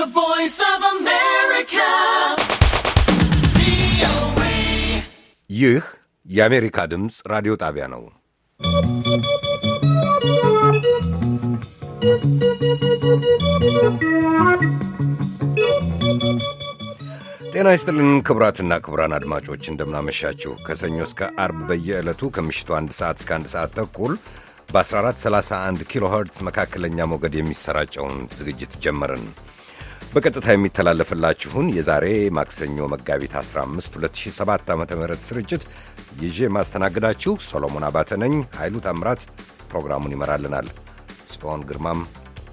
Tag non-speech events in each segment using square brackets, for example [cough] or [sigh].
The voice of America. ይህ የአሜሪካ ድምፅ ራዲዮ ጣቢያ ነው። ጤና ይስጥልን ክቡራትና ክቡራን አድማጮች እንደምናመሻችሁ። ከሰኞ እስከ አርብ በየዕለቱ ከምሽቱ አንድ ሰዓት እስከ አንድ ሰዓት ተኩል በ1431 ኪሎ ኸርትዝ መካከለኛ ሞገድ የሚሰራጨውን ዝግጅት ጀመርን። በቀጥታ የሚተላለፍላችሁን የዛሬ ማክሰኞ መጋቢት 15 2007 ዓ ም ስርጭት ይዤ ማስተናግዳችሁ ሶሎሞን አባተ ነኝ። ኃይሉ ታምራት ፕሮግራሙን ይመራልናል። ጽዮን ግርማም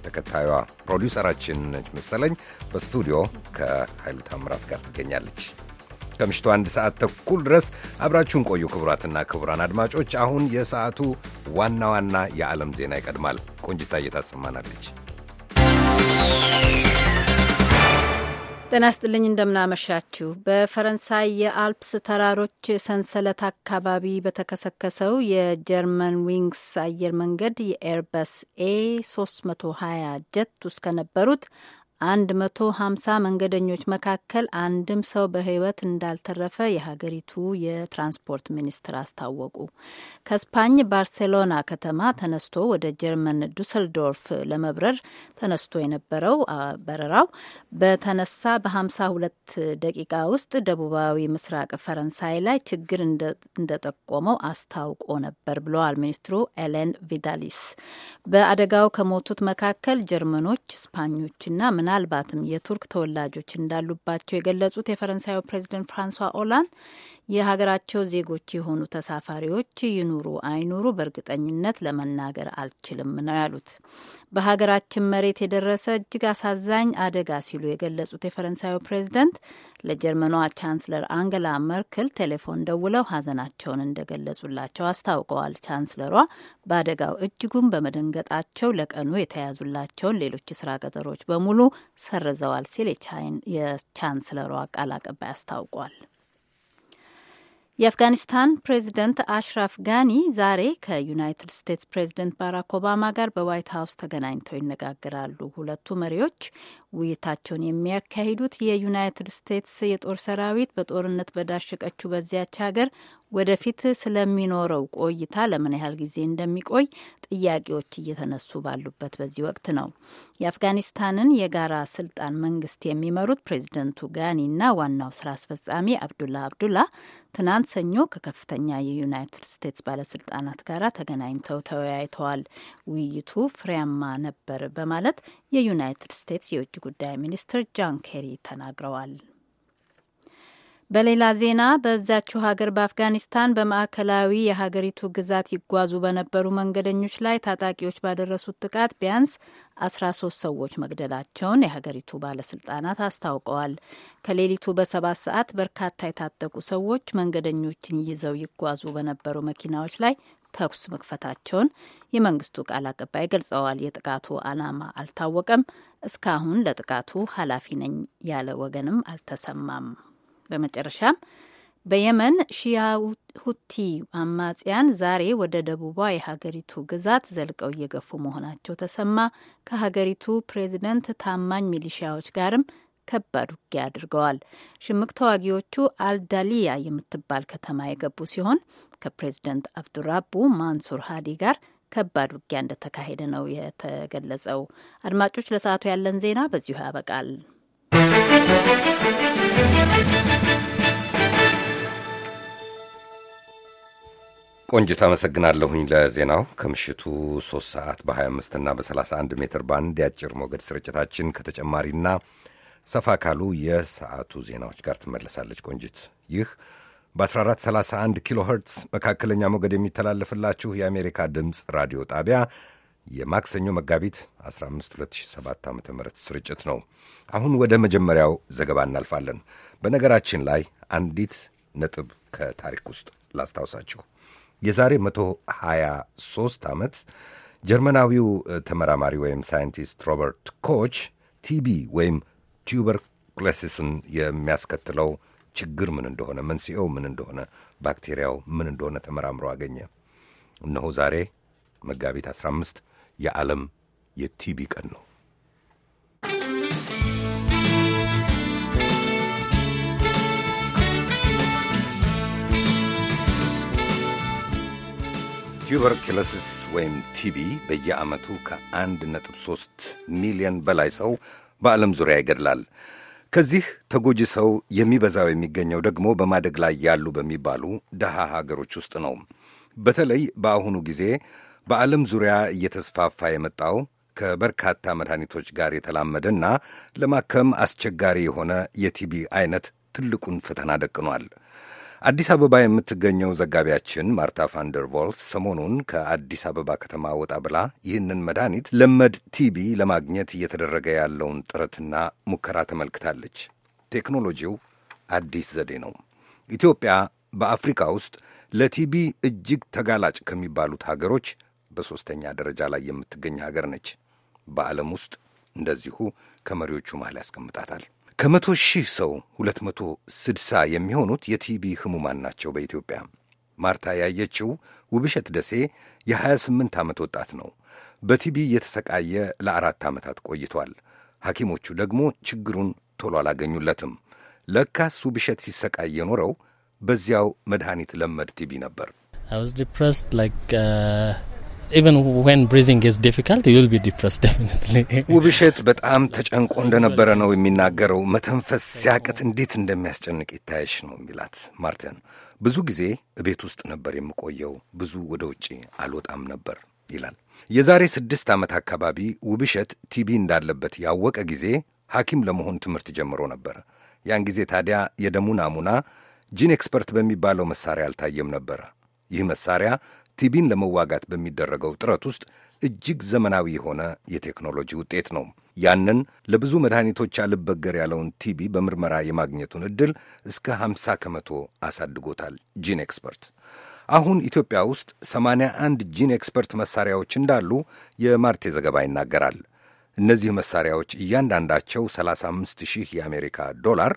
ተከታዩዋ ፕሮዲውሰራችን ነች መሰለኝ። በስቱዲዮ ከኃይሉ ታምራት ጋር ትገኛለች። ከምሽቱ አንድ ሰዓት ተኩል ድረስ አብራችሁን ቆዩ። ክቡራትና ክቡራን አድማጮች፣ አሁን የሰዓቱ ዋና ዋና የዓለም ዜና ይቀድማል። ቆንጅታ እየታሰማናለች። ጤና ስጥልኝ እንደምናመሻችሁ። በፈረንሳይ የአልፕስ ተራሮች ሰንሰለት አካባቢ በተከሰከሰው የጀርመን ዊንግስ አየር መንገድ የኤርበስ ኤ 320 ጀት ውስጥ ከነበሩት 150 መንገደኞች መካከል አንድም ሰው በሕይወት እንዳልተረፈ የሀገሪቱ የትራንስፖርት ሚኒስትር አስታወቁ። ከስፓኝ ባርሴሎና ከተማ ተነስቶ ወደ ጀርመን ዱሰልዶርፍ ለመብረር ተነስቶ የነበረው በረራው በተነሳ በ52 ደቂቃ ውስጥ ደቡባዊ ምስራቅ ፈረንሳይ ላይ ችግር እንደጠቆመው አስታውቆ ነበር ብለዋል ሚኒስትሩ ኤሌን ቪዳሊስ። በአደጋው ከሞቱት መካከል ጀርመኖች፣ ስፓኞችና ምናልባትም የቱርክ ተወላጆች እንዳሉባቸው የገለጹት የፈረንሳዩ ፕሬዚደንት ፍራንሷ ኦላንድ የሀገራቸው ዜጎች የሆኑ ተሳፋሪዎች ይኑሩ አይኑሩ በእርግጠኝነት ለመናገር አልችልም ነው ያሉት። በሀገራችን መሬት የደረሰ እጅግ አሳዛኝ አደጋ ሲሉ የገለጹት የፈረንሳዩ ፕሬዚደንት ለጀርመኗ ቻንስለር አንገላ መርክል ቴሌፎን ደውለው ሀዘናቸውን እንደገለጹላቸው አስታውቀዋል። ቻንስለሯ በአደጋው እጅጉን በመደንገጣቸው ለቀኑ የተያዙላቸውን ሌሎች የስራ ቀጠሮች በሙሉ ሰርዘዋል ሲል የቻንስለሯ ቃል አቀባይ አስታውቋል። የአፍጋኒስታን ፕሬዚደንት አሽራፍ ጋኒ ዛሬ ከዩናይትድ ስቴትስ ፕሬዚደንት ባራክ ኦባማ ጋር በዋይት ሀውስ ተገናኝተው ይነጋገራሉ። ሁለቱ መሪዎች ውይይታቸውን የሚያካሂዱት የዩናይትድ ስቴትስ የጦር ሰራዊት በጦርነት በዳሸቀችው በዚያች ሀገር ወደፊት ስለሚኖረው ቆይታ ለምን ያህል ጊዜ እንደሚቆይ ጥያቄዎች እየተነሱ ባሉበት በዚህ ወቅት ነው። የአፍጋኒስታንን የጋራ ስልጣን መንግስት የሚመሩት ፕሬዚደንቱ እና ዋናው ስራ አስፈጻሚ አብዱላ አብዱላ ትናንት ሰኞ ከከፍተኛ የዩናይትድ ስቴትስ ባለስልጣናት ጋር ተገናኝተው ተወያይተዋል። ውይይቱ ፍሬያማ ነበር በማለት የዩናይትድ ስቴትስ የውጭ ጉዳይ ሚኒስትር ጃን ኬሪ ተናግረዋል። በሌላ ዜና በዛችው ሀገር በአፍጋኒስታን በማዕከላዊ የሀገሪቱ ግዛት ይጓዙ በነበሩ መንገደኞች ላይ ታጣቂዎች ባደረሱት ጥቃት ቢያንስ አስራ ሶስት ሰዎች መግደላቸውን የሀገሪቱ ባለስልጣናት አስታውቀዋል። ከሌሊቱ በሰባት ሰዓት በርካታ የታጠቁ ሰዎች መንገደኞችን ይዘው ይጓዙ በነበሩ መኪናዎች ላይ ተኩስ መክፈታቸውን የመንግስቱ ቃል አቀባይ ገልጸዋል። የጥቃቱ ዓላማ አልታወቀም። እስካሁን ለጥቃቱ ኃላፊ ነኝ ያለ ወገንም አልተሰማም። በመጨረሻም በየመን ሺያ ሁቲ አማጽያን ዛሬ ወደ ደቡቧ የሀገሪቱ ግዛት ዘልቀው እየገፉ መሆናቸው ተሰማ። ከሀገሪቱ ፕሬዚደንት ታማኝ ሚሊሺያዎች ጋርም ከባድ ውጊያ አድርገዋል። ሽምቅ ተዋጊዎቹ አልዳሊያ የምትባል ከተማ የገቡ ሲሆን ከፕሬዚደንት አብዱራቡ ማንሱር ሀዲ ጋር ከባድ ውጊያ እንደተካሄደ ነው የተገለጸው። አድማጮች፣ ለሰዓቱ ያለን ዜና በዚሁ ያበቃል። ቆንጅት አመሰግናለሁኝ ለዜናው። ከምሽቱ 3 ሰዓት በ25 እና በ31 ሜትር ባንድ የአጭር ሞገድ ስርጭታችን ከተጨማሪና ሰፋ ካሉ የሰዓቱ ዜናዎች ጋር ትመለሳለች ቆንጂት። ይህ በ1431 ኪሎ ኸርትዝ መካከለኛ ሞገድ የሚተላለፍላችሁ የአሜሪካ ድምፅ ራዲዮ ጣቢያ የማክሰኞ መጋቢት 15 2007 ዓ ም ስርጭት ነው። አሁን ወደ መጀመሪያው ዘገባ እናልፋለን። በነገራችን ላይ አንዲት ነጥብ ከታሪክ ውስጥ ላስታውሳችሁ። የዛሬ 123 ዓመት ጀርመናዊው ተመራማሪ ወይም ሳይንቲስት ሮበርት ኮች ቲቢ ወይም ቱበርክሎሲስን የሚያስከትለው ችግር ምን እንደሆነ፣ መንስኤው ምን እንደሆነ፣ ባክቴሪያው ምን እንደሆነ ተመራምሮ አገኘ። እነሆ ዛሬ መጋቢት 15 የዓለም የቲቢ ቀን ነው። ቱበርክሎሲስ ወይም ቲቢ በየዓመቱ ከ1.3 ሚሊዮን በላይ ሰው በዓለም ዙሪያ ይገድላል። ከዚህ ተጎጂ ሰው የሚበዛው የሚገኘው ደግሞ በማደግ ላይ ያሉ በሚባሉ ደሃ ሀገሮች ውስጥ ነው። በተለይ በአሁኑ ጊዜ በዓለም ዙሪያ እየተስፋፋ የመጣው ከበርካታ መድኃኒቶች ጋር የተላመደና ለማከም አስቸጋሪ የሆነ የቲቢ አይነት ትልቁን ፈተና ደቅኗል። አዲስ አበባ የምትገኘው ዘጋቢያችን ማርታ ፋንደር ቮልፍ ሰሞኑን ከአዲስ አበባ ከተማ ወጣ ብላ ይህንን መድኃኒት ለመድ ቲቢ ለማግኘት እየተደረገ ያለውን ጥረትና ሙከራ ተመልክታለች። ቴክኖሎጂው አዲስ ዘዴ ነው። ኢትዮጵያ በአፍሪካ ውስጥ ለቲቢ እጅግ ተጋላጭ ከሚባሉት ሀገሮች በሦስተኛ ደረጃ ላይ የምትገኝ ሀገር ነች። በዓለም ውስጥ እንደዚሁ ከመሪዎቹ መሃል ያስቀምጣታል። ከመቶ ሺህ ሰው ስድሳ የሚሆኑት የቲቢ ህሙማን ናቸው በኢትዮጵያ። ማርታ ያየችው ውብሸት ደሴ የ28 ዓመት ወጣት ነው። በቲቢ እየተሰቃየ ለአራት ዓመታት ቆይቷል። ሐኪሞቹ ደግሞ ችግሩን ቶሎ አላገኙለትም። ለካስ ውብሸት ሲሰቃይ የኖረው በዚያው መድኃኒት ለመድ ቲቢ ነበር። [laughs] ውብሸት በጣም ተጨንቆ እንደነበረ ነው የሚናገረው። መተንፈስ ሲያቅት እንዴት እንደሚያስጨንቅ ይታየሽ ነው የሚላት ማርተን። ብዙ ጊዜ እቤት ውስጥ ነበር የምቆየው፣ ብዙ ወደ ውጭ አልወጣም ነበር ይላል። የዛሬ ስድስት ዓመት አካባቢ ውብሸት ቲቢ እንዳለበት ያወቀ ጊዜ ሐኪም ለመሆን ትምህርት ጀምሮ ነበር። ያን ጊዜ ታዲያ የደሙ ናሙና ጂን ኤክስፐርት በሚባለው መሳሪያ አልታየም ነበረ። ይህ መሳሪያ ቲቢን ለመዋጋት በሚደረገው ጥረት ውስጥ እጅግ ዘመናዊ የሆነ የቴክኖሎጂ ውጤት ነው። ያንን ለብዙ መድኃኒቶች አልበገር ያለውን ቲቢ በምርመራ የማግኘቱን ዕድል እስከ 50 ከመቶ አሳድጎታል። ጂን ኤክስፐርት አሁን ኢትዮጵያ ውስጥ 81 ጂን ኤክስፐርት መሳሪያዎች እንዳሉ የማርቴ ዘገባ ይናገራል። እነዚህ መሳሪያዎች እያንዳንዳቸው 35,000 ሺህ የአሜሪካ ዶላር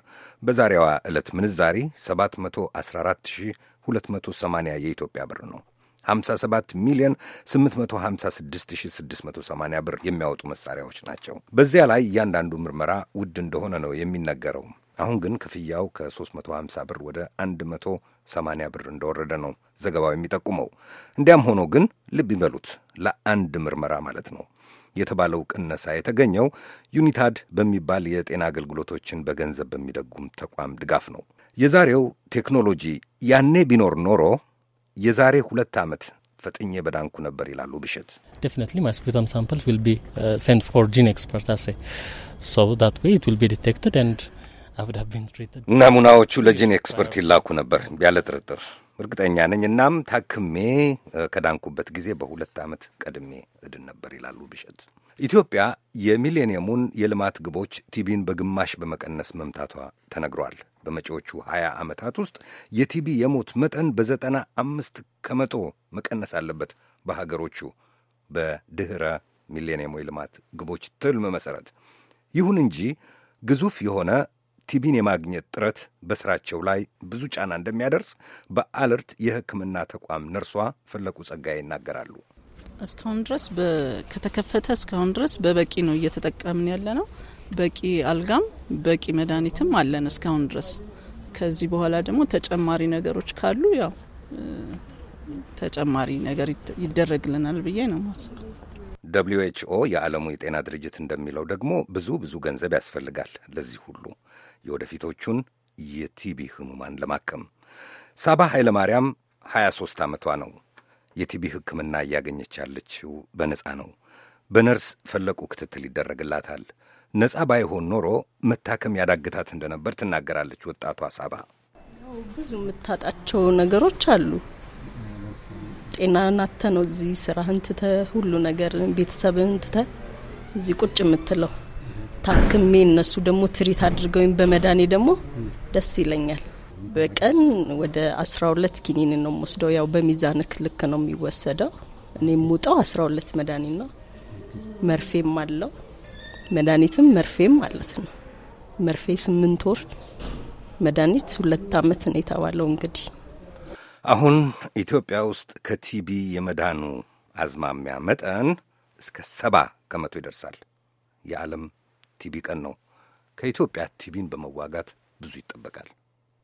በዛሬዋ ዕለት ምንዛሪ 714,280 የኢትዮጵያ ብር ነው። 57 ሚሊዮን 856680 ብር የሚያወጡ መሳሪያዎች ናቸው። በዚያ ላይ እያንዳንዱ ምርመራ ውድ እንደሆነ ነው የሚነገረው። አሁን ግን ክፍያው ከ350 ብር ወደ 180 ብር እንደወረደ ነው ዘገባው የሚጠቁመው። እንዲያም ሆኖ ግን ልብ ይበሉት ለአንድ ምርመራ ማለት ነው የተባለው ቅነሳ የተገኘው ዩኒታድ በሚባል የጤና አገልግሎቶችን በገንዘብ በሚደጉም ተቋም ድጋፍ ነው። የዛሬው ቴክኖሎጂ ያኔ ቢኖር ኖሮ የዛሬ ሁለት ዓመት ፈጥኜ በዳንኩ ነበር ይላሉ ብሽት። uh, ናሙናዎቹ ለጂን ኤክስፐርት ይላኩ ነበር ያለ ጥርጥር እርግጠኛ ነኝ። እናም ታክሜ uh, ከዳንኩበት ጊዜ በሁለት ዓመት ቀድሜ እድን ነበር ይላሉ ብሸት። ኢትዮጵያ የሚሌኒየሙን የልማት ግቦች ቲቢን በግማሽ በመቀነስ መምታቷ ተነግሯል። በመጪዎቹ 20 ዓመታት ውስጥ የቲቢ የሞት መጠን በዘጠና አምስት ከመቶ መቀነስ አለበት። በሀገሮቹ በድኅረ ሚሌኒየሙ የልማት ግቦች ትልም መሠረት። ይሁን እንጂ ግዙፍ የሆነ ቲቢን የማግኘት ጥረት በስራቸው ላይ ብዙ ጫና እንደሚያደርስ በአለርት የሕክምና ተቋም ነርሷ ፈለቁ ጸጋዬ ይናገራሉ። እስካሁን ድረስ ከተከፈተ እስካሁን ድረስ በበቂ ነው እየተጠቀምን ያለ ነው። በቂ አልጋም በቂ መድኃኒትም አለን እስካሁን ድረስ። ከዚህ በኋላ ደግሞ ተጨማሪ ነገሮች ካሉ ያው ተጨማሪ ነገር ይደረግልናል ብዬ ነው ማስበው። ደብሊው ኤች ኦ የዓለሙ የጤና ድርጅት እንደሚለው ደግሞ ብዙ ብዙ ገንዘብ ያስፈልጋል ለዚህ ሁሉ የወደፊቶቹን የቲቢ ህሙማን ለማከም። ሳባ ኃይለ ማርያም 23 ዓመቷ ነው። የቲቢ ሕክምና እያገኘች ያለችው በነጻ ነው። በነርስ ፈለቁ ክትትል ይደረግላታል። ነጻ ባይሆን ኖሮ መታከም ያዳግታት እንደነበር ትናገራለች። ወጣቷ ሳባ ብዙ የምታጣቸው ነገሮች አሉ። ጤና ናተ ነው እዚህ ስራህን ትተ ሁሉ ነገር ቤተሰብህን ትተ እዚህ ቁጭ የምትለው ታክሜ እነሱ ደግሞ ትሪት አድርገውኝ በመዳኔ ደግሞ ደስ ይለኛል። በቀን ወደ አስራ ሁለት ኪኒን ነው የምወስደው። ያው በሚዛን ክልክ ነው የሚወሰደው። እኔ የምውጠው አስራ ሁለት መድኃኒት ነው። መርፌም አለው መድኃኒትም መርፌም ማለት ነው። መርፌ ስምንት ወር መድኃኒት ሁለት አመት ነው የተባለው። እንግዲህ አሁን ኢትዮጵያ ውስጥ ከቲቢ የመዳኑ አዝማሚያ መጠን እስከ ሰባ ከመቶ ይደርሳል። የዓለም ቲቢ ቀን ነው። ከኢትዮጵያ ቲቢን በመዋጋት ብዙ ይጠበቃል።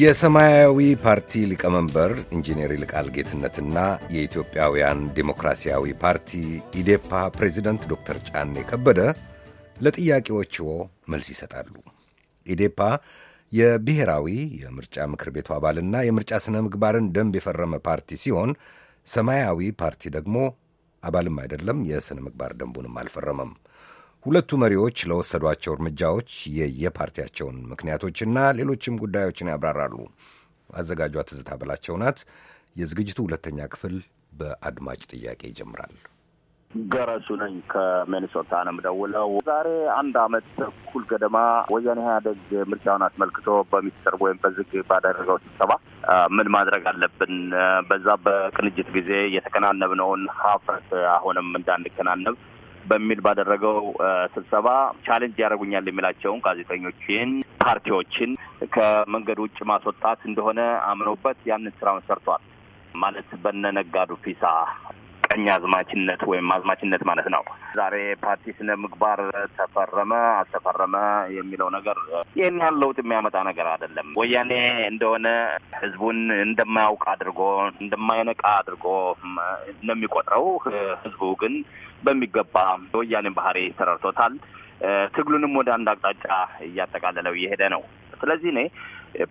የሰማያዊ ፓርቲ ሊቀመንበር ኢንጂነር ይልቃል ጌትነትና የኢትዮጵያውያን ዴሞክራሲያዊ ፓርቲ ኢዴፓ ፕሬዚደንት ዶክተር ጫኔ ከበደ ለጥያቄዎችዎ መልስ ይሰጣሉ። ኢዴፓ የብሔራዊ የምርጫ ምክር ቤቱ አባልና የምርጫ ሥነ ምግባርን ደንብ የፈረመ ፓርቲ ሲሆን ሰማያዊ ፓርቲ ደግሞ አባልም አይደለም፣ የሥነ ምግባር ደንቡንም አልፈረመም። ሁለቱ መሪዎች ለወሰዷቸው እርምጃዎች የየፓርቲያቸውን ምክንያቶችና ሌሎችም ጉዳዮችን ያብራራሉ። አዘጋጇ ትዝታ በላቸው ናት። የዝግጅቱ ሁለተኛ ክፍል በአድማጭ ጥያቄ ይጀምራል። ገረሱ ነኝ ከሚኒሶታ ነው የምደውለው። ዛሬ አንድ አመት ተኩል ገደማ ወያኔ ኢህአዴግ ምርጫውን አስመልክቶ በሚስጥር ወይም በዝግ ባደረገው ስብሰባ ምን ማድረግ አለብን፣ በዛ በቅንጅት ጊዜ የተከናነብነውን ሀፍረት አሁንም እንዳንከናነብ በሚል ባደረገው ስብሰባ ቻሌንጅ ያደርጉኛል የሚላቸውን ጋዜጠኞችን፣ ፓርቲዎችን ከመንገድ ውጭ ማስወጣት እንደሆነ አምኖበት ያንን ስራውን ሰርቷል። ማለት በነ ነጋዱ ፊሳ ቀኝ አዝማችነት ወይም አዝማችነት ማለት ነው። ዛሬ ፓርቲ ስነ ምግባር ተፈረመ አልተፈረመ የሚለው ነገር ይህን ያህል ለውጥ የሚያመጣ ነገር አይደለም። ወያኔ እንደሆነ ህዝቡን እንደማያውቅ አድርጎ እንደማይነቃ አድርጎ ነው የሚቆጥረው። ህዝቡ ግን በሚገባ የወያኔ ባህሪ ተረድቶታል። ትግሉንም ወደ አንድ አቅጣጫ እያጠቃለለው እየሄደ ነው። ስለዚህ እኔ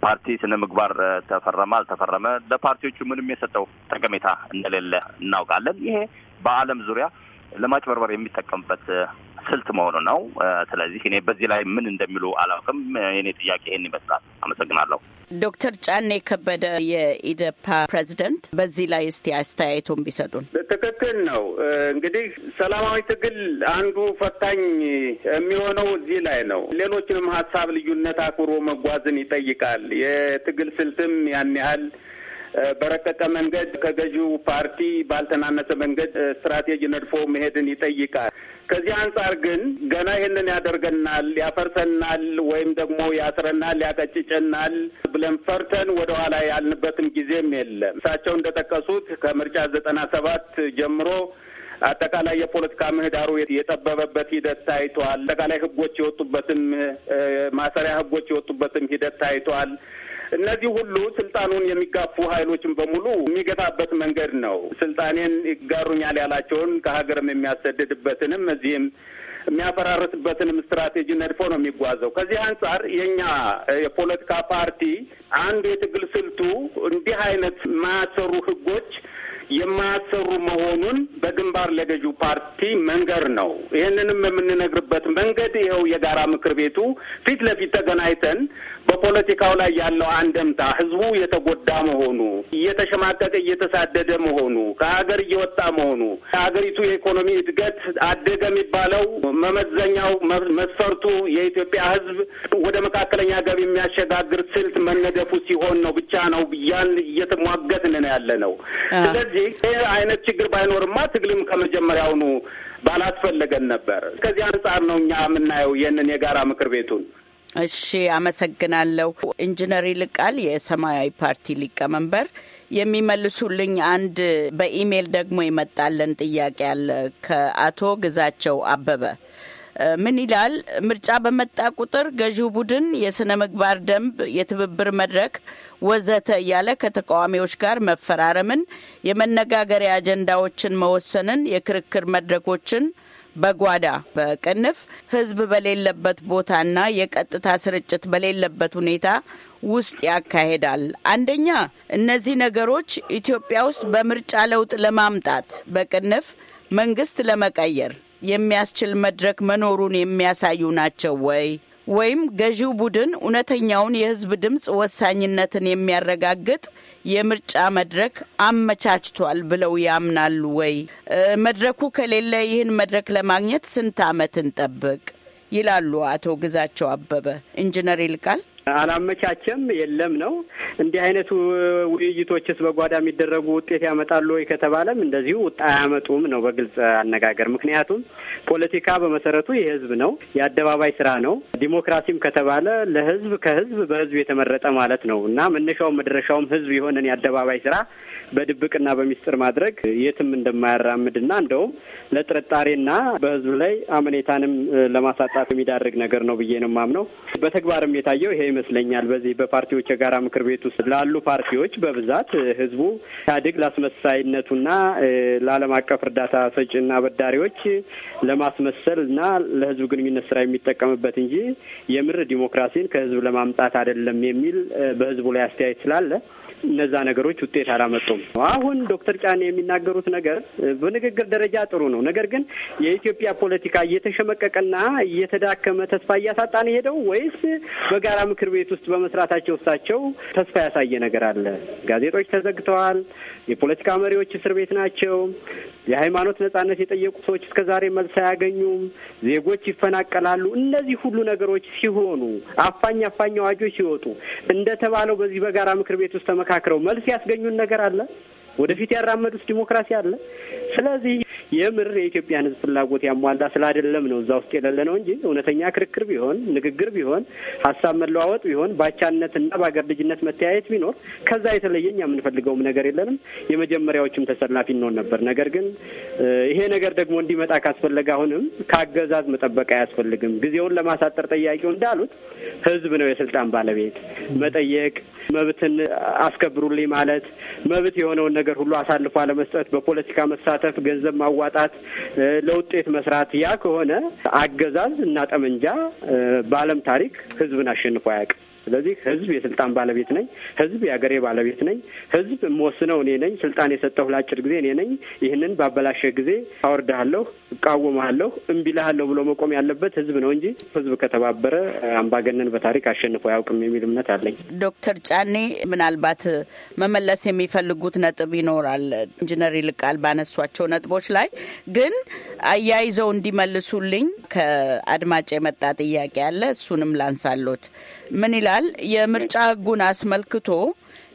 ፓርቲ ስነ ምግባር ተፈረመ አልተፈረመ ለፓርቲዎቹ ምንም የሰጠው ጠቀሜታ እንደሌለ እናውቃለን። ይሄ በዓለም ዙሪያ ለማጭበርበር የሚጠቀምበት ስልት መሆኑ ነው። ስለዚህ እኔ በዚህ ላይ ምን እንደሚሉ አላውቅም። የኔ ጥያቄ ይህን ይመስላል። አመሰግናለሁ። ዶክተር ጫኔ ከበደ የኢደፓ ፕሬዚደንት፣ በዚህ ላይ እስቲ አስተያየቱን ቢሰጡን። ትክክል ነው። እንግዲህ ሰላማዊ ትግል አንዱ ፈታኝ የሚሆነው እዚህ ላይ ነው። ሌሎችንም ሀሳብ ልዩነት አክብሮ መጓዝን ይጠይቃል። የትግል ስልትም ያን ያህል በረቀቀ መንገድ ከገዢው ፓርቲ ባልተናነሰ መንገድ ስትራቴጂ ነድፎ መሄድን ይጠይቃል። ከዚህ አንጻር ግን ገና ይህንን ያደርገናል፣ ያፈርሰናል፣ ወይም ደግሞ ያስረናል፣ ያቀጭጨናል ብለን ፈርተን ወደ ኋላ ያልንበትም ጊዜም የለም። እሳቸው እንደጠቀሱት ከምርጫ ዘጠና ሰባት ጀምሮ አጠቃላይ የፖለቲካ ምህዳሩ የጠበበበት ሂደት ታይቷል። አጠቃላይ ህጎች የወጡበትም ማሰሪያ ህጎች የወጡበትም ሂደት ታይቷል። እነዚህ ሁሉ ስልጣኑን የሚጋፉ ኃይሎችን በሙሉ የሚገታበት መንገድ ነው። ስልጣኔን ይጋሩኛል ያላቸውን ከሀገርም የሚያሰድድበትንም እዚህም የሚያፈራርስበትንም ስትራቴጂ ነድፎ ነው የሚጓዘው። ከዚህ አንጻር የእኛ የፖለቲካ ፓርቲ አንዱ የትግል ስልቱ እንዲህ አይነት የማያሰሩ ህጎች የማያሰሩ መሆኑን በግንባር ለገዢ ፓርቲ መንገድ ነው። ይህንንም የምንነግርበት መንገድ ይኸው የጋራ ምክር ቤቱ ፊት ለፊት ተገናኝተን በፖለቲካው ላይ ያለው አንደምታ ህዝቡ የተጎዳ መሆኑ፣ እየተሸማቀቀ እየተሳደደ መሆኑ፣ ከሀገር እየወጣ መሆኑ፣ ሀገሪቱ የኢኮኖሚ እድገት አደገ የሚባለው መመዘኛው መስፈርቱ የኢትዮጵያ ህዝብ ወደ መካከለኛ ገቢ የሚያሸጋግር ስልት መነደፉ ሲሆን ነው ብቻ ነው ብያን እየተሟገትን ነው ያለ ነው። ስለዚህ ይህ አይነት ችግር ባይኖርማ ትግልም ከመጀመሪያውኑ ባላስፈለገን ነበር። ከዚህ አንጻር ነው እኛ የምናየው ይህንን የጋራ ምክር ቤቱን እሺ፣ አመሰግናለሁ ኢንጂነር ይልቃል የሰማያዊ ፓርቲ ሊቀመንበር። የሚመልሱልኝ አንድ በኢሜል ደግሞ የመጣለን ጥያቄ አለ ከአቶ ግዛቸው አበበ ምን ይላል? ምርጫ በመጣ ቁጥር ገዢው ቡድን የሥነ ምግባር ደንብ፣ የትብብር መድረክ ወዘተ እያለ ከተቃዋሚዎች ጋር መፈራረምን፣ የመነጋገሪያ አጀንዳዎችን መወሰንን፣ የክርክር መድረኮችን በጓዳ በቅንፍ ህዝብ በሌለበት ቦታና የቀጥታ ስርጭት በሌለበት ሁኔታ ውስጥ ያካሄዳል። አንደኛ እነዚህ ነገሮች ኢትዮጵያ ውስጥ በምርጫ ለውጥ ለማምጣት በቅንፍ መንግስት ለመቀየር የሚያስችል መድረክ መኖሩን የሚያሳዩ ናቸው ወይ ወይም ገዢው ቡድን እውነተኛውን የህዝብ ድምፅ ወሳኝነትን የሚያረጋግጥ የምርጫ መድረክ አመቻችቷል ብለው ያምናሉ ወይ? መድረኩ ከሌለ ይህን መድረክ ለማግኘት ስንት ዓመት እንጠብቅ? ይላሉ አቶ ግዛቸው አበበ። ኢንጂነር ይልቃል አላመቻቸም የለም ነው። እንዲህ አይነቱ ውይይቶችስ በጓዳ የሚደረጉ ውጤት ያመጣሉ ወይ ከተባለም እንደዚሁ አያመጡም ነው በግልጽ አነጋገር። ምክንያቱም ፖለቲካ በመሰረቱ የህዝብ ነው፣ የአደባባይ ስራ ነው። ዲሞክራሲም ከተባለ ለህዝብ ከህዝብ በህዝብ የተመረጠ ማለት ነው እና መነሻውም መድረሻውም ህዝብ የሆነን የአደባባይ ስራ በድብቅና በሚስጥር ማድረግ የትም እንደማያራምድና እንደውም ለጥርጣሬና በህዝብ ላይ አመኔታንም ለማሳጣት የሚዳርግ ነገር ነው ብዬ ነው የማምነው። በተግባርም የታየው ይሄ ይመስለኛል። በዚህ በፓርቲዎች የጋራ ምክር ቤት ውስጥ ላሉ ፓርቲዎች በብዛት ህዝቡ ኢህአዴግ ላስመሳይነቱና ለዓለም አቀፍ እርዳታ ሰጪና በዳሪዎች ለማስመሰል ለህዝብ ግንኙነት ስራ የሚጠቀምበት እንጂ የምር ዲሞክራሲን ከህዝብ ለማምጣት አይደለም የሚል በህዝቡ ላይ አስተያየት ስላለ እነዛ ነገሮች ውጤት አላመጡም። አሁን ዶክተር ጫኔ የሚናገሩት ነገር በንግግር ደረጃ ጥሩ ነው። ነገር ግን የኢትዮጵያ ፖለቲካ እየተሸመቀቀና እየተዳከመ ተስፋ እያሳጣን ሄደው ወይስ በጋራ ምክር ምክር ቤት ውስጥ በመስራታቸው እሳቸው ተስፋ ያሳየ ነገር አለ። ጋዜጦች ተዘግተዋል። የፖለቲካ መሪዎች እስር ቤት ናቸው። የሃይማኖት ነጻነት የጠየቁ ሰዎች እስከ ዛሬ መልስ አያገኙም። ዜጎች ይፈናቀላሉ። እነዚህ ሁሉ ነገሮች ሲሆኑ አፋኝ አፋኝ አዋጆች ሲወጡ እንደተባለው በዚህ በጋራ ምክር ቤት ውስጥ ተመካክረው መልስ ያስገኙን ነገር አለ። ወደፊት ያራመዱት ዲሞክራሲ አለ። ስለዚህ የምር የኢትዮጵያን ህዝብ ፍላጎት ያሟላ አይደለም ነው እዛ ውስጥ የሌለ ነው እንጂ እውነተኛ ክርክር ቢሆን ንግግር ቢሆን ሀሳብ መለዋወጥ ቢሆን ባቻነትና በአገር ልጅነት መተያየት ቢኖር ከዛ የተለየ እኛ የምንፈልገውም ነገር የለንም። የመጀመሪያዎችም ተሰላፊ እንሆን ነበር። ነገር ግን ይሄ ነገር ደግሞ እንዲመጣ ካስፈለገ አሁንም ከአገዛዝ መጠበቅ አያስፈልግም። ጊዜውን ለማሳጠር ጠያቂው እንዳሉት ህዝብ ነው የስልጣን ባለቤት። መጠየቅ መብትን አስከብሩልኝ ማለት መብት የሆነውን ነገር ሁሉ አሳልፎ አለመስጠት፣ በፖለቲካ መሳተፍ፣ ገንዘብ ማ ማዋጣት፣ ለውጤት መስራት። ያ ከሆነ አገዛዝ እና ጠመንጃ በዓለም ታሪክ ህዝብን አሸንፎ አያውቅም። ስለዚህ ህዝብ የስልጣን ባለቤት ነኝ፣ ህዝብ የአገሬ ባለቤት ነኝ፣ ህዝብ የምወስነው እኔ ነኝ፣ ስልጣን የሰጠሁ ለአጭር ጊዜ እኔ ነኝ። ይህንን ባበላሸ ጊዜ አወርድሃለሁ፣ እቃወመሃለሁ፣ እምቢልሃለሁ ብሎ መቆም ያለበት ህዝብ ነው እንጂ ህዝብ ከተባበረ አምባገነን በታሪክ አሸንፎ አያውቅም የሚል እምነት አለኝ። ዶክተር ጫኔ ምናልባት መመለስ የሚፈልጉት ነጥብ ይኖራል ኢንጂነር ይልቃል ባነሷቸው ነጥቦች ላይ ግን አያይዘው እንዲመልሱልኝ ከአድማጭ የመጣ ጥያቄ አለ። እሱንም ላንሳሎት። ምን ይላል? የምርጫ ህጉን አስመልክቶ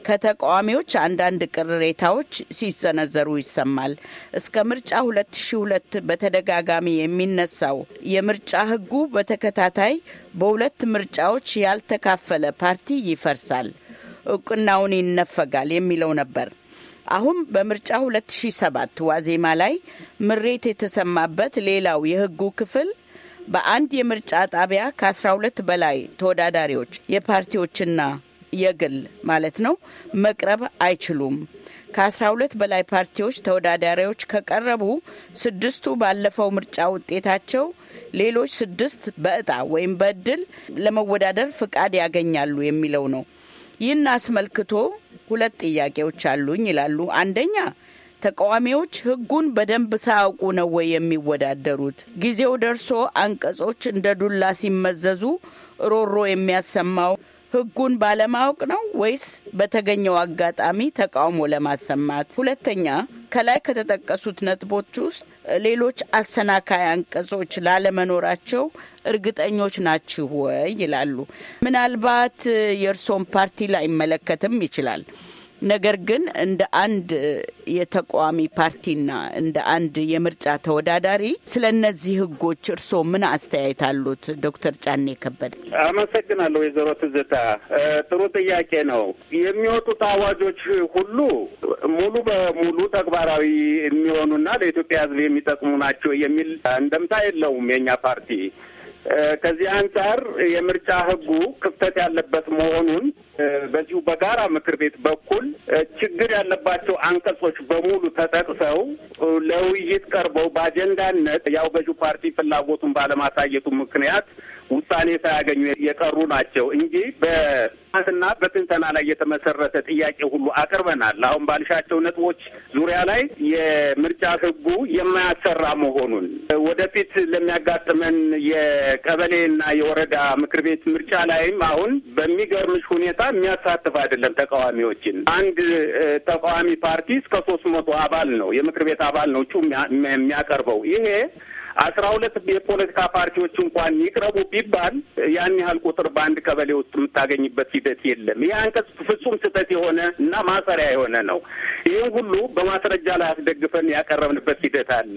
ከተቃዋሚዎች አንዳንድ ቅሬታዎች ሲሰነዘሩ ይሰማል። እስከ ምርጫ 2002 በተደጋጋሚ የሚነሳው የምርጫ ህጉ በተከታታይ በሁለት ምርጫዎች ያልተካፈለ ፓርቲ ይፈርሳል፣ እውቅናውን ይነፈጋል የሚለው ነበር። አሁን በምርጫ 2007 ዋዜማ ላይ ምሬት የተሰማበት ሌላው የህጉ ክፍል በአንድ የምርጫ ጣቢያ ከ12 በላይ ተወዳዳሪዎች የፓርቲዎችና የግል ማለት ነው መቅረብ አይችሉም። ከ12 በላይ ፓርቲዎች ተወዳዳሪዎች ከቀረቡ ስድስቱ ባለፈው ምርጫ ውጤታቸው፣ ሌሎች ስድስት በእጣ ወይም በእድል ለመወዳደር ፍቃድ ያገኛሉ የሚለው ነው። ይህን አስመልክቶ ሁለት ጥያቄዎች አሉኝ ይላሉ። አንደኛ ተቃዋሚዎች ህጉን በደንብ ሳያውቁ ነው ወይ የሚወዳደሩት? ጊዜው ደርሶ አንቀጾች እንደ ዱላ ሲመዘዙ ሮሮ የሚያሰማው ህጉን ባለማወቅ ነው ወይስ በተገኘው አጋጣሚ ተቃውሞ ለማሰማት? ሁለተኛ ከላይ ከተጠቀሱት ነጥቦች ውስጥ ሌሎች አሰናካይ አንቀጾች ላለመኖራቸው እርግጠኞች ናችሁ ወይ ይላሉ። ምናልባት የእርሶን ፓርቲ ላይመለከትም ይችላል። ነገር ግን እንደ አንድ የተቃዋሚ ፓርቲና እንደ አንድ የምርጫ ተወዳዳሪ ስለ እነዚህ ህጎች እርስዎ ምን አስተያየት አሉት? ዶክተር ጫኔ ከበደ። አመሰግናለሁ ወይዘሮ ትዝታ። ጥሩ ጥያቄ ነው። የሚወጡት አዋጆች ሁሉ ሙሉ በሙሉ ተግባራዊ የሚሆኑና ለኢትዮጵያ ህዝብ የሚጠቅሙ ናቸው የሚል እንደምታ የለውም የእኛ ፓርቲ። ከዚህ አንጻር የምርጫ ህጉ ክፍተት ያለበት መሆኑን በዚሁ በጋራ ምክር ቤት በኩል ችግር ያለባቸው አንቀጾች በሙሉ ተጠቅሰው ለውይይት ቀርበው በአጀንዳነት ያው ገዢው ፓርቲ ፍላጎቱን ባለማሳየቱ ምክንያት ውሳኔ ሳያገኙ የቀሩ ናቸው እንጂ በጥናትና በትንተና ላይ የተመሰረተ ጥያቄ ሁሉ አቅርበናል። አሁን ባልሻቸው ነጥቦች ዙሪያ ላይ የምርጫ ሕጉ የማያሰራ መሆኑን ወደፊት ለሚያጋጥመን የቀበሌና የወረዳ ምክር ቤት ምርጫ ላይም አሁን በሚገርምሽ ሁኔታ የሚያሳትፍ አይደለም። ተቃዋሚዎችን አንድ ተቃዋሚ ፓርቲ እስከ ሶስት መቶ አባል ነው የምክር ቤት አባል ነው እጩ የሚያቀርበው ይሄ አስራ ሁለት የፖለቲካ ፓርቲዎች እንኳን ይቅረቡ ቢባል ያን ያህል ቁጥር በአንድ ቀበሌ ውስጥ የምታገኝበት ሂደት የለም። ይህ አንቀጽ ፍጹም ስህተት የሆነ እና ማሰሪያ የሆነ ነው። ይህም ሁሉ በማስረጃ ላይ አስደግፈን ያቀረብንበት ሂደት አለ።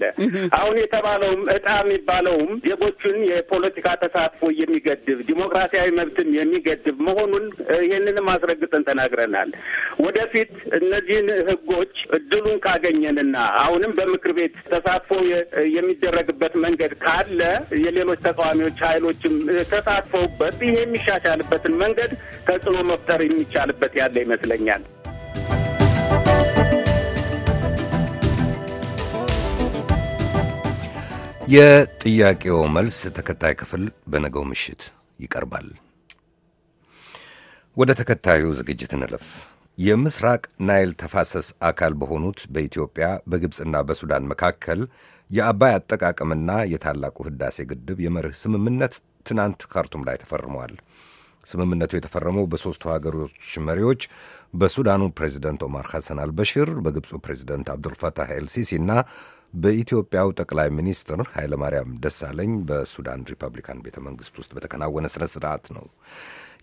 አሁን የተባለውም እጣ የሚባለውም ዜጎቹን የፖለቲካ ተሳትፎ የሚገድብ ዲሞክራሲያዊ መብትን የሚገድብ መሆኑን ይህንንም አስረግጠን ተናግረናል። ወደፊት እነዚህን ህጎች እድሉን ካገኘንና አሁንም በምክር ቤት ተሳትፎ የሚደረግበት የሚችሉበት መንገድ ካለ የሌሎች ተቃዋሚዎች ኃይሎችም ተሳትፈውበት ይህ የሚሻሻልበትን መንገድ ተጽዕኖ መፍጠር የሚቻልበት ያለ ይመስለኛል። የጥያቄው መልስ ተከታይ ክፍል በነገው ምሽት ይቀርባል። ወደ ተከታዩ ዝግጅት እንለፍ። የምስራቅ ናይል ተፋሰስ አካል በሆኑት በኢትዮጵያ በግብፅና በሱዳን መካከል የአባይ አጠቃቀምና የታላቁ ህዳሴ ግድብ የመርህ ስምምነት ትናንት ካርቱም ላይ ተፈርመዋል። ስምምነቱ የተፈረመው በሦስቱ ሀገሮች መሪዎች በሱዳኑ ፕሬዚደንት ኦማር ሐሰን አልበሺር፣ በግብፁ ፕሬዚደንት አብዱልፈታህ ኤልሲሲ እና በኢትዮጵያው ጠቅላይ ሚኒስትር ኃይለማርያም ደሳለኝ በሱዳን ሪፐብሊካን ቤተ መንግሥት ውስጥ በተከናወነ ሥነ ሥርዓት ነው።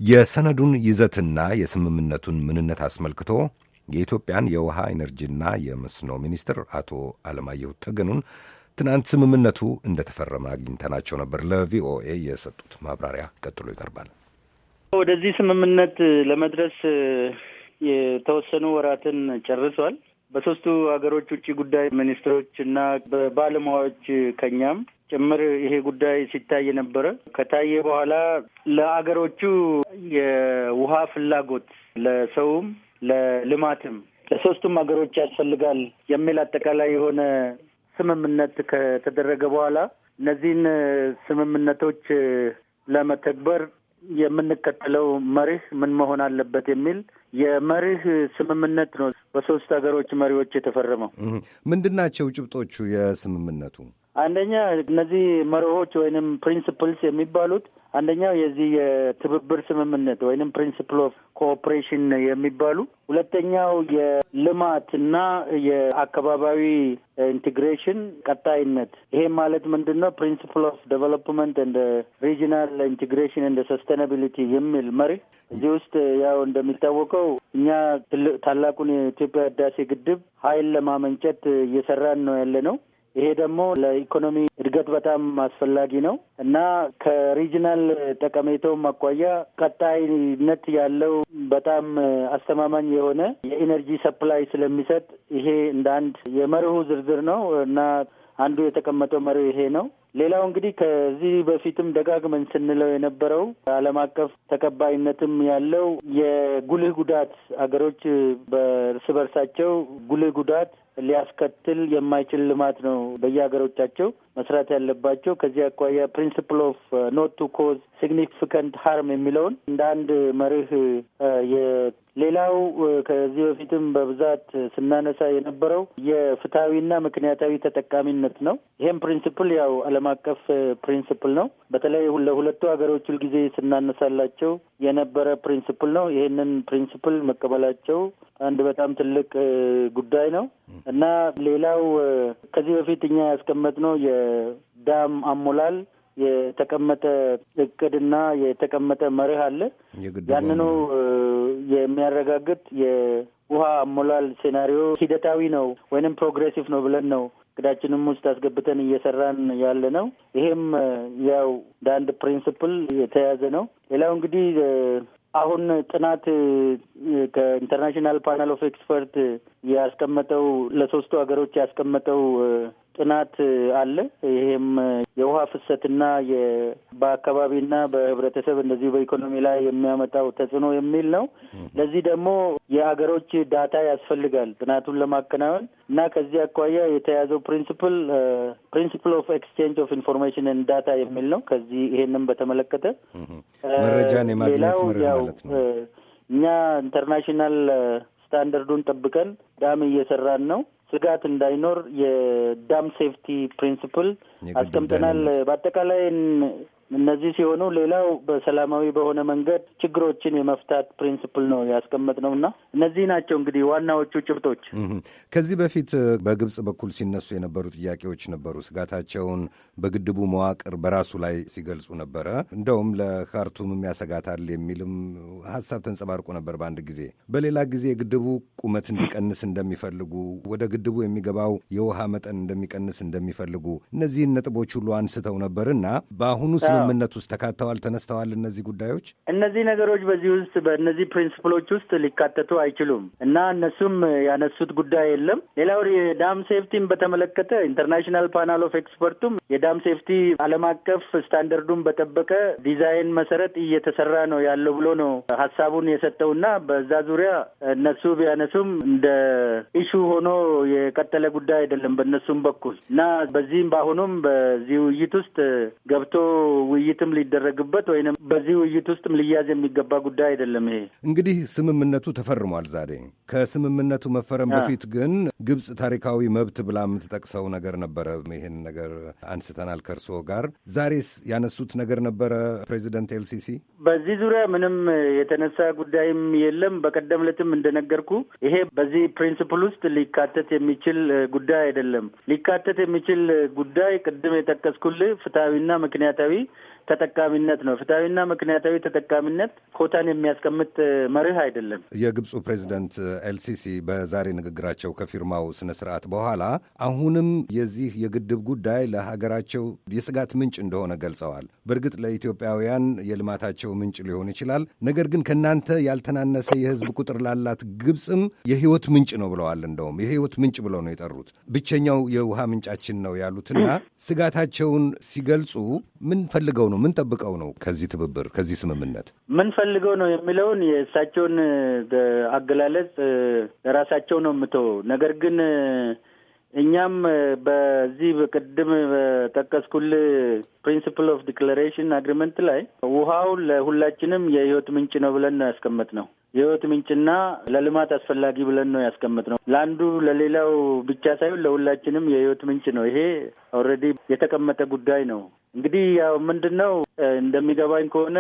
የሰነዱን ይዘትና የስምምነቱን ምንነት አስመልክቶ የኢትዮጵያን የውሃ ኤነርጂና የመስኖ ሚኒስትር አቶ አለማየሁ ተገኑን ትናንት ስምምነቱ እንደተፈረመ አግኝተናቸው ነበር። ለቪኦኤ የሰጡት ማብራሪያ ቀጥሎ ይቀርባል። ወደዚህ ስምምነት ለመድረስ የተወሰኑ ወራትን ጨርሷል። በሶስቱ ሀገሮች ውጭ ጉዳይ ሚኒስትሮች እና በባለሙያዎች ከኛም ጭምር ይሄ ጉዳይ ሲታይ ነበረ። ከታየ በኋላ ለአገሮቹ የውሃ ፍላጎት ለሰውም፣ ለልማትም ለሶስቱም ሀገሮች ያስፈልጋል የሚል አጠቃላይ የሆነ ስምምነት ከተደረገ በኋላ እነዚህን ስምምነቶች ለመተግበር የምንከተለው መርህ ምን መሆን አለበት የሚል የመርህ ስምምነት ነው በሶስት ሀገሮች መሪዎች የተፈረመው። ምንድን ናቸው ጭብጦቹ የስምምነቱ? አንደኛ እነዚህ መርሆች ወይንም ፕሪንስፕልስ የሚባሉት አንደኛው የዚህ የትብብር ስምምነት ወይንም ፕሪንስፕል ኦፍ ኮኦፕሬሽን የሚባሉ ሁለተኛው የልማት እና የአካባቢዊ ኢንቴግሬሽን ቀጣይነት። ይሄ ማለት ምንድን ነው? ፕሪንስፕል ኦፍ ዴቨሎፕመንት እንደ ሪጂናል ኢንቴግሬሽን እንደ ሰስቴናቢሊቲ የሚል መሪ እዚህ ውስጥ ያው እንደሚታወቀው እኛ ታላቁን የኢትዮጵያ ህዳሴ ግድብ ኃይል ለማመንጨት እየሰራን ነው ያለ ነው። ይሄ ደግሞ ለኢኮኖሚ እድገት በጣም አስፈላጊ ነው እና ከሪጅናል ጠቀሜታውም አኳያ ቀጣይነት ያለው በጣም አስተማማኝ የሆነ የኢነርጂ ሰፕላይ ስለሚሰጥ ይሄ እንደ አንድ የመርሁ ዝርዝር ነው እና አንዱ የተቀመጠው መርህ ይሄ ነው። ሌላው እንግዲህ ከዚህ በፊትም ደጋግመን ስንለው የነበረው ዓለም አቀፍ ተቀባይነትም ያለው የጉልህ ጉዳት አገሮች በእርስ በርሳቸው ጉልህ ጉዳት ሊያስከትል የማይችል ልማት ነው በየሀገሮቻቸው መስራት ያለባቸው። ከዚህ አኳያ ፕሪንስፕል ኦፍ ኖት ቱ ኮዝ ሲግኒፊካንት ሀርም የሚለውን እንደ አንድ መርህ uh, ሌላው ከዚህ በፊትም በብዛት ስናነሳ የነበረው የፍትሐዊና ምክንያታዊ ተጠቃሚነት ነው። ይህም ፕሪንስፕል ያው ዓለም አቀፍ ፕሪንስፕል ነው። በተለይ ለሁለቱ ሀገሮች ሁልጊዜ ስናነሳላቸው የነበረ ፕሪንስፕል ነው። ይህንን ፕሪንስፕል መቀበላቸው አንድ በጣም ትልቅ ጉዳይ ነው እና ሌላው ከዚህ በፊት እኛ ያስቀመጥነው የዳም አሞላል የተቀመጠ እቅድና የተቀመጠ መርህ አለ ያንኑ የሚያረጋግጥ የውሃ አሞላል ሴናሪዮ ሂደታዊ ነው ወይንም ፕሮግሬሲቭ ነው ብለን ነው እቅዳችንም ውስጥ አስገብተን እየሰራን ያለ ነው። ይሄም ያው እንደ አንድ ፕሪንስፕል የተያዘ ነው። ሌላው እንግዲህ አሁን ጥናት ከኢንተርናሽናል ፓናል ኦፍ ኤክስፐርት ያስቀመጠው ለሶስቱ ሀገሮች ያስቀመጠው ጥናት አለ። ይሄም የውሃ ፍሰትና በአካባቢና በህብረተሰብ እንደዚሁ በኢኮኖሚ ላይ የሚያመጣው ተጽዕኖ የሚል ነው። ለዚህ ደግሞ የአገሮች ዳታ ያስፈልጋል ጥናቱን ለማከናወን እና ከዚህ አኳያ የተያዘው ፕሪንስፕል ፕሪንስፕል ኦፍ ኤክስቼንጅ ኦፍ ኢንፎርሜሽን ኤንድ ዳታ የሚል ነው። ከዚህ ይሄንም በተመለከተ መረጃን የማግኘት መረጃ ማለት ነው። እኛ ኢንተርናሽናል ስታንዳርዱን ጠብቀን ዳም እየሰራን ነው። ስጋት እንዳይኖር የዳም ሴፍቲ ፕሪንስፕል አስቀምጠናል። በአጠቃላይ እነዚህ ሲሆኑ ሌላው በሰላማዊ በሆነ መንገድ ችግሮችን የመፍታት ፕሪንስፕል ነው ያስቀመጥ ነው እና እነዚህ ናቸው እንግዲህ ዋናዎቹ ጭብጦች። ከዚህ በፊት በግብጽ በኩል ሲነሱ የነበሩ ጥያቄዎች ነበሩ። ስጋታቸውን በግድቡ መዋቅር በራሱ ላይ ሲገልጹ ነበረ። እንደውም ለካርቱምም ያሰጋታል የሚልም ሀሳብ ተንጸባርቆ ነበር በአንድ ጊዜ። በሌላ ጊዜ ግድቡ ቁመት እንዲቀንስ እንደሚፈልጉ፣ ወደ ግድቡ የሚገባው የውሃ መጠን እንደሚቀንስ እንደሚፈልጉ እነዚህን ነጥቦች ሁሉ አንስተው ነበርና በአሁኑ ስም ስምምነት ውስጥ ተካተዋል ተነስተዋል። እነዚህ ጉዳዮች እነዚህ ነገሮች በዚህ ውስጥ በእነዚህ ፕሪንስፕሎች ውስጥ ሊካተቱ አይችሉም እና እነሱም ያነሱት ጉዳይ የለም። ሌላው የዳም ሴፍቲን በተመለከተ ኢንተርናሽናል ፓናል ኦፍ ኤክስፐርቱም የዳም ሴፍቲ ዓለም አቀፍ ስታንደርዱን በጠበቀ ዲዛይን መሰረት እየተሰራ ነው ያለው ብሎ ነው ሀሳቡን የሰጠውና በዛ ዙሪያ እነሱ ቢያነሱም እንደ ኢሹ ሆኖ የቀጠለ ጉዳይ አይደለም በእነሱም በኩል እና በዚህም በአሁኑም በዚህ ውይይት ውስጥ ገብቶ ውይይትም ሊደረግበት ወይም በዚህ ውይይት ውስጥም ሊያዝ የሚገባ ጉዳይ አይደለም። ይሄ እንግዲህ ስምምነቱ ተፈርሟል ዛሬ። ከስምምነቱ መፈረም በፊት ግን ግብፅ ታሪካዊ መብት ብላ የምትጠቅሰው ነገር ነበረ። ይህን ነገር አንስተናል ከእርስዎ ጋር። ዛሬስ ያነሱት ነገር ነበረ ፕሬዚደንት ኤልሲሲ በዚህ ዙሪያ ምንም የተነሳ ጉዳይም የለም። በቀደም ዕለትም እንደነገርኩ ይሄ በዚህ ፕሪንስፕል ውስጥ ሊካተት የሚችል ጉዳይ አይደለም። ሊካተት የሚችል ጉዳይ ቅድም የጠቀስኩልህ ፍትሐዊና ምክንያታዊ ተጠቃሚነት ነው። ፍትሐዊና ምክንያታዊ ተጠቃሚነት ኮታን የሚያስቀምጥ መርህ አይደለም። የግብፁ ፕሬዚደንት ኤልሲሲ በዛሬ ንግግራቸው ከፊርማው ስነ ስርዓት በኋላ አሁንም የዚህ የግድብ ጉዳይ ለሀገራቸው የስጋት ምንጭ እንደሆነ ገልጸዋል። በእርግጥ ለኢትዮጵያውያን የልማታቸው ምንጭ ሊሆን ይችላል። ነገር ግን ከእናንተ ያልተናነሰ የህዝብ ቁጥር ላላት ግብፅም የህይወት ምንጭ ነው ብለዋል። እንደውም የህይወት ምንጭ ብለው ነው የጠሩት። ብቸኛው የውሃ ምንጫችን ነው ያሉትና ስጋታቸውን ሲገልጹ ምን ፈልገው ነው? ምን ጠብቀው ነው ከዚህ ትብብር ከዚህ ስምምነት ምን ፈልገው ነው የሚለውን የእሳቸውን አገላለጽ ለራሳቸው ነው የምተወው። ነገር ግን እኛም በዚህ በቅድም በጠቀስኩል ፕሪንስፕል ኦፍ ዲክላሬሽን አግሪመንት ላይ ውሃው ለሁላችንም የህይወት ምንጭ ነው ብለን ያስቀመጥ ነው። የህይወት ምንጭና ለልማት አስፈላጊ ብለን ነው ያስቀመጥነው። ለአንዱ ለሌላው ብቻ ሳይሆን ለሁላችንም የህይወት ምንጭ ነው። ይሄ ኦልሬዲ የተቀመጠ ጉዳይ ነው። እንግዲህ ያው ምንድን ነው እንደሚገባኝ ከሆነ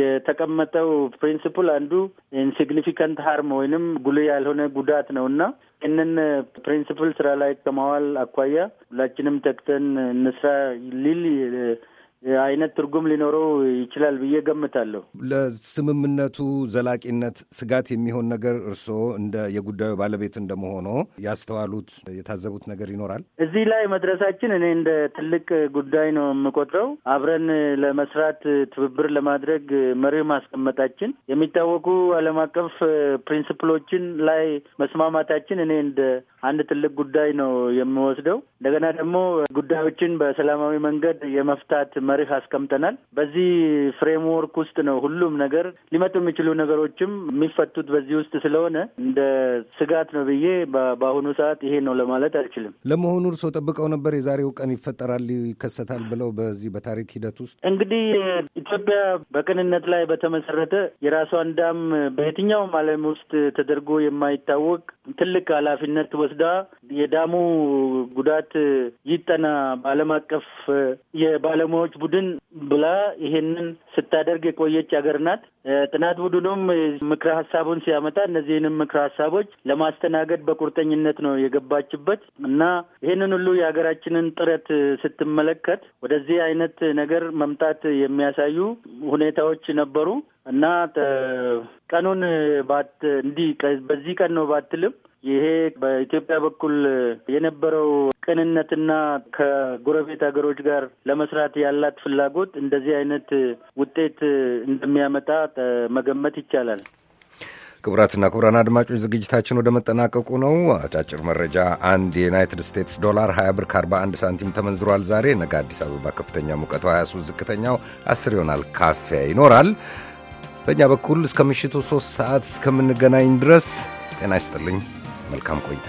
የተቀመጠው ፕሪንስፕል አንዱ ኢንሲግኒፊካንት ሀርም ወይንም ጉልህ ያልሆነ ጉዳት ነው እና ይህንን ፕሪንስፕል ስራ ላይ ከማዋል አኳያ ሁላችንም ተግተን እንስራ ሊል አይነት ትርጉም ሊኖረው ይችላል ብዬ ገምታለሁ። ለስምምነቱ ዘላቂነት ስጋት የሚሆን ነገር እርስዎ እንደ የጉዳዩ ባለቤት እንደመሆኖ ያስተዋሉት የታዘቡት ነገር ይኖራል? እዚህ ላይ መድረሳችን እኔ እንደ ትልቅ ጉዳይ ነው የምቆጥረው። አብረን ለመስራት ትብብር ለማድረግ መሪ ማስቀመጣችን፣ የሚታወቁ ዓለም አቀፍ ፕሪንስፕሎችን ላይ መስማማታችን እኔ እንደ አንድ ትልቅ ጉዳይ ነው የምወስደው። እንደገና ደግሞ ጉዳዮችን በሰላማዊ መንገድ የመፍታት መርህ አስቀምጠናል። በዚህ ፍሬምወርክ ውስጥ ነው ሁሉም ነገር ሊመጡ የሚችሉ ነገሮችም የሚፈቱት በዚህ ውስጥ ስለሆነ እንደ ስጋት ነው ብዬ በአሁኑ ሰዓት ይሄ ነው ለማለት አልችልም። ለመሆኑ እርስዎ ጠብቀው ነበር የዛሬው ቀን ይፈጠራል ይከሰታል ብለው? በዚህ በታሪክ ሂደት ውስጥ እንግዲህ ኢትዮጵያ በቅንነት ላይ በተመሰረተ የራሷን ዳም በየትኛውም ዓለም ውስጥ ተደርጎ የማይታወቅ ትልቅ ኃላፊነት ወስዳ የዳሙ ጉዳት ጥናት ይጠና በዓለም አቀፍ የባለሙያዎች ቡድን ብላ ይሄንን ስታደርግ የቆየች ሀገር ናት። ጥናት ቡድኑም ምክረ ሀሳቡን ሲያመጣ እነዚህንም ምክረ ሀሳቦች ለማስተናገድ በቁርጠኝነት ነው የገባችበት እና ይህንን ሁሉ የሀገራችንን ጥረት ስትመለከት ወደዚህ አይነት ነገር መምጣት የሚያሳዩ ሁኔታዎች ነበሩ እና ቀኑን ባት እንዲህ በዚህ ቀን ነው ባትልም ይሄ በኢትዮጵያ በኩል የነበረው ቅንነትና ከጎረቤት ሀገሮች ጋር ለመስራት ያላት ፍላጎት እንደዚህ አይነት ውጤት እንደሚያመጣ መገመት ይቻላል። ክቡራትና ክቡራን አድማጮች ዝግጅታችን ወደ መጠናቀቁ ነው። አጫጭር መረጃ፣ አንድ የዩናይትድ ስቴትስ ዶላር 20 ብር ከ41 ሳንቲም ተመንዝሯል። ዛሬ ነገ አዲስ አበባ ከፍተኛ ሙቀቱ 23፣ ዝቅተኛው 10 ይሆናል። ካፊያ ይኖራል። በእኛ በኩል እስከ ምሽቱ 3 ሰዓት እስከምንገናኝ ድረስ ጤና ይስጥልኝ። መልካም ቆይታ